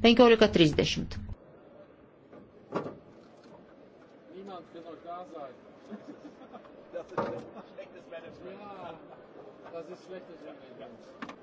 15.30. Niemand will noch da sein. Das ist schlechtes Management. Ja, das ist schlechtes Management.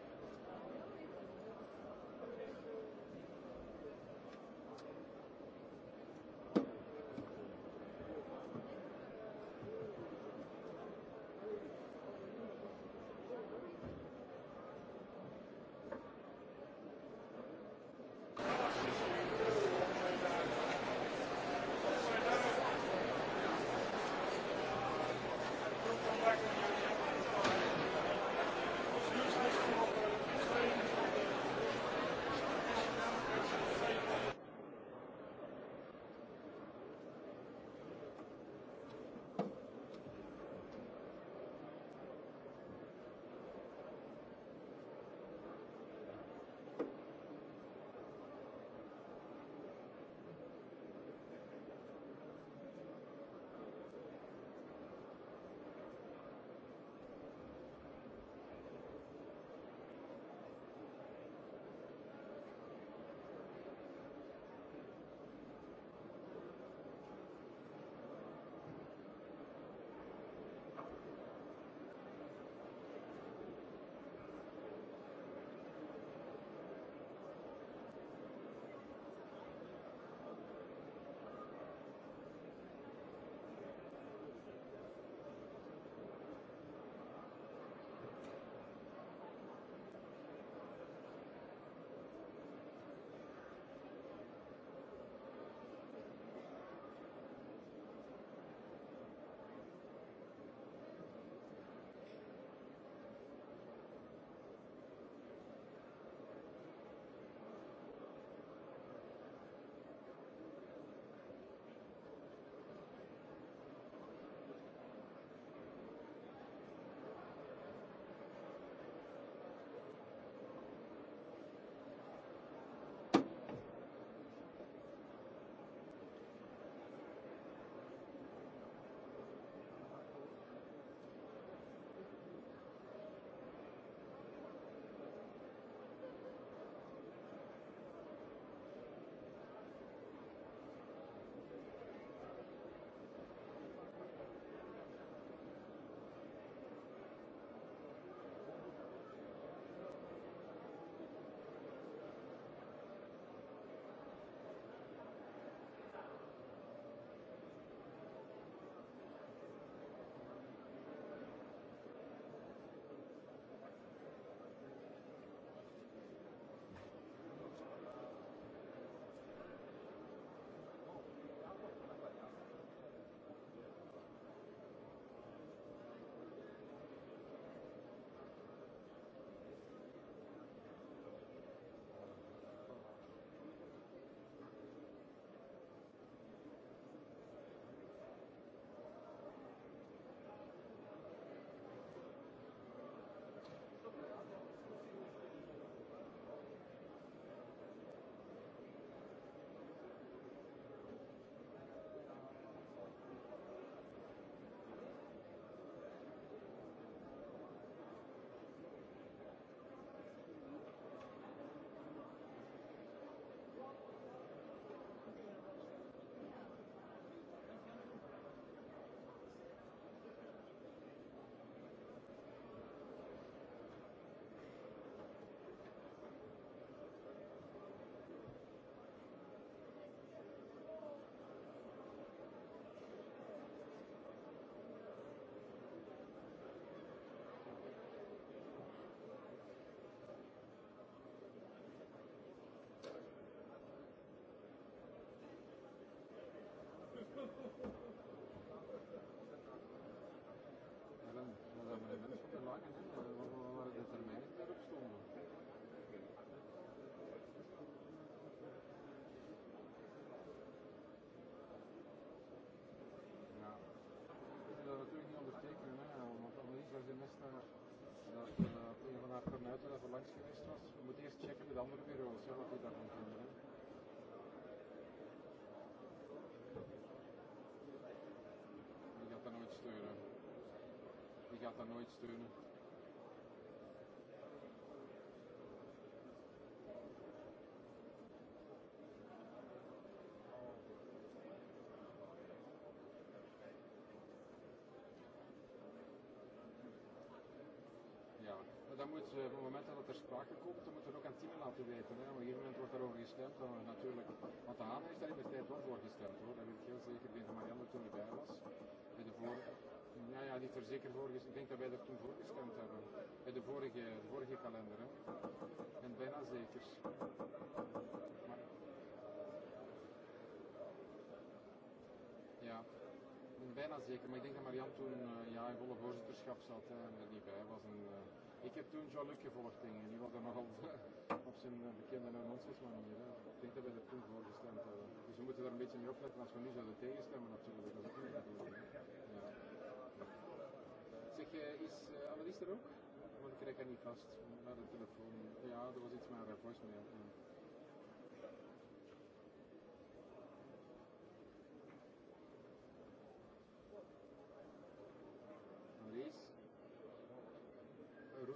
Check with andere bureaus hè, wat die daarvan vinden. Hè. Die gaat dat nooit steunen. Die gaat dat nooit steunen. Ja, maar dan moet ze op het moment sprake komt, dan moeten we het ook aan het team laten weten. Hè. Op een gegeven moment wordt daarover gestemd. Dan natuurlijk, want de Hamer heeft daar in de tijd wel voor gestemd hoor. Dat weet ik heel zeker. Ik denk dat Marianne toen erbij was. Bij de vorige, nou ja, niet er zeker voor gestemd. Ik denk dat wij er toen voor gestemd hebben. Bij de vorige, de vorige kalender. Hè. En bijna zeker. Maar, ja. Bijna zeker, maar ik denk dat Marianne toen uh, ja, in volle voorzitterschap zat hè, en er niet bij was. En, uh, Ik heb toen Jean-Luc gevolgd, denk ik. Die was dan nogal eh, op zijn eh, bekende nonsens manier. Hè. Eh, ik denk dat we er dat toen voorgestemd hebben. Dus we moeten daar een beetje mee opletten als we nu zouden tegenstemmen natuurlijk. Dat is ook niet natuurlijk. Ja. Zeg, is uh, Annelies er ook? Want ik krijg haar niet vast naar de telefoon. Ja, er was iets met haar voicemail. Ja.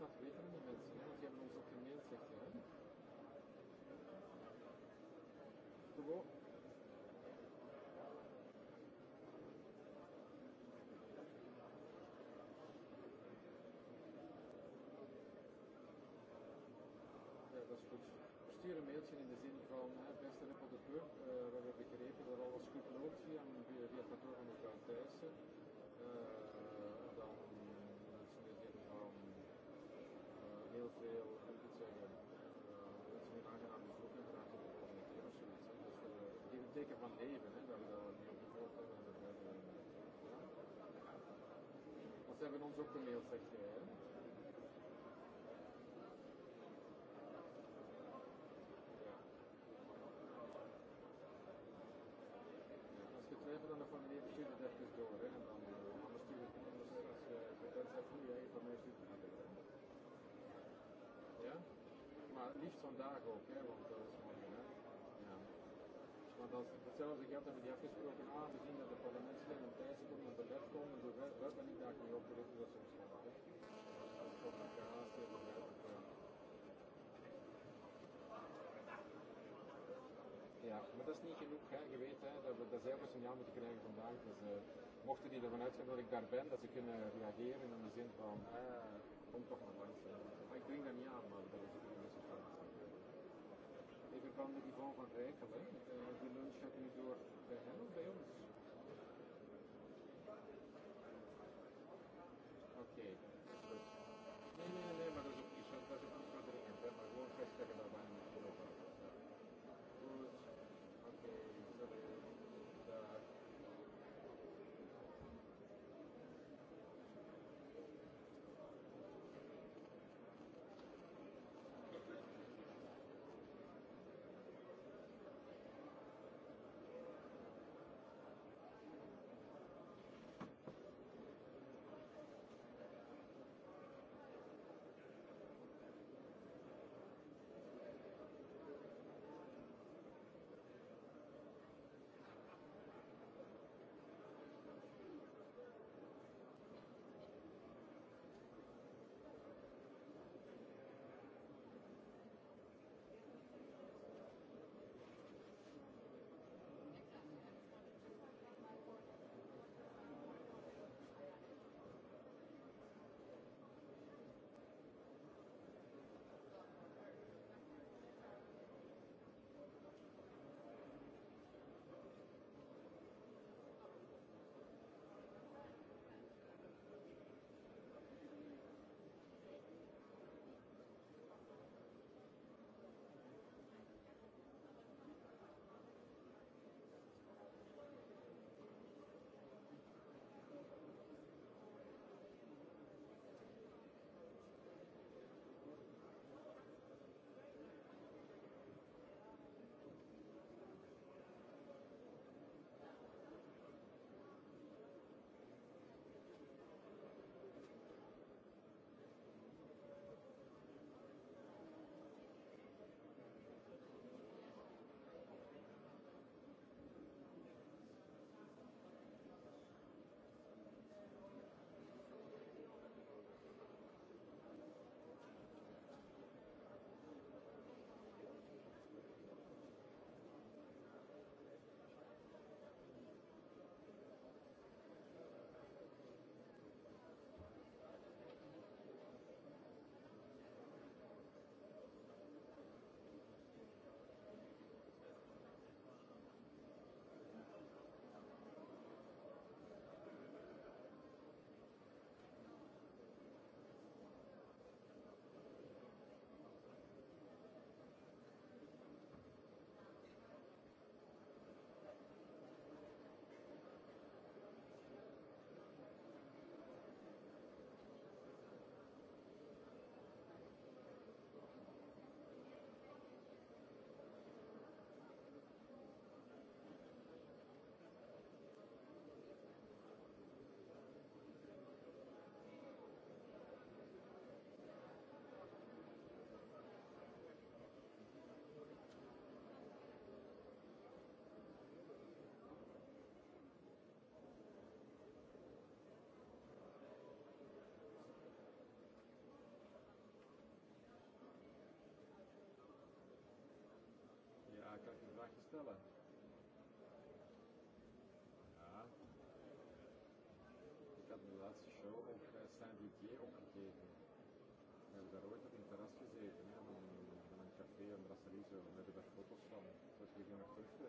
vertreter in der Medizin und die haben unsere Tendenz erklärt. van Leeuwen. Hè, dat, die op de boot hebben. Dat, dat, dat. Maar ze hebben ons ook gemaild, zeg jij. Hè? twijfel aan de formulier, stuur het even door. Hè, en dan, uh, anders stuur het anders. Als je dat zegt, hoe jij van mij stuurt het naar binnen. Ja? Maar liefst vandaag ook, hè, want uh, Maar dat, hetzelfde geldt hebben die afgesproken aangezien dat de parlementsleden op tijd komen en belet komen door wet, wet en niet daar kun je op te richten dat ze ons gaan maken. Dat is voor elkaar aansteken om uit te komen. Ja, maar dat is niet genoeg. Hè. Je weet hè, dat we dat zelf een signaal moeten krijgen vandaag. Dus uh, mochten die ervan uitgaan dat ik daar ben, dat ze kunnen reageren in de zin van, eh, kom toch maar langs. Hè. Maar ik denk dat niet aan, maar dat is kan met Yvonne van Rijkelen. Uh, die lunch hebben we door bij hen of bij ons? quiero, porque nel Roberto Pintaraschi se teniamo davanti a te andrà a salire nelle per foto sono, poi si vediamo a questo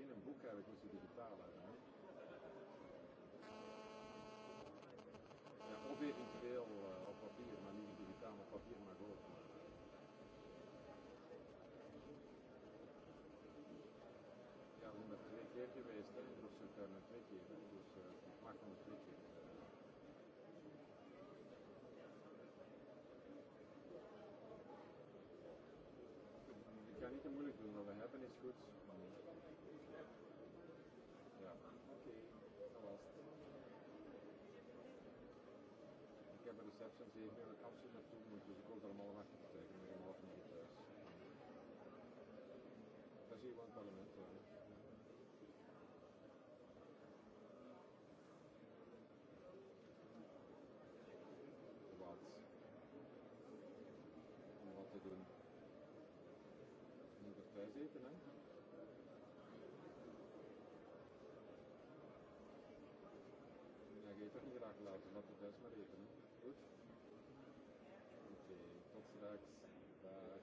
zin in boekhouden als je digitaal hebt. Hè? Ja, of eventueel uh, op papier, maar niet digitaal, maar papier mag ook. Ja, we zijn er twee keer geweest, hè? dus we kunnen twee keer, hè? dus uh, ik mag nog twee keer. Ik ga niet te moeilijk doen, wat we hebben is goed. Ik heb bij de receptions die meer de kansen naartoe moet, dus ik hoop dat hem allemaal achter te tekenen. Ik heb hem niet thuis. Daar zie je wel een parlement. Uh, wat. Om wat te doen. Je moet er thuis eten, hè? even Irak laten, laten we best maar rekenen. Goed? Oké, okay, tot straks. Dag.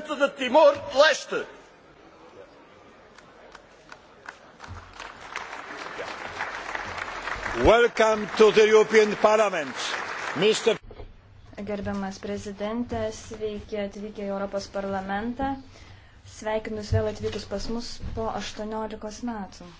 presidente de Timor-Leste. Welcome to the European Parliament. Mr. Gerbiamas prezidentė, sveiki atvykę į Europos parlamentą. Sveikinus vėl atvykus pas mus po 18 metų.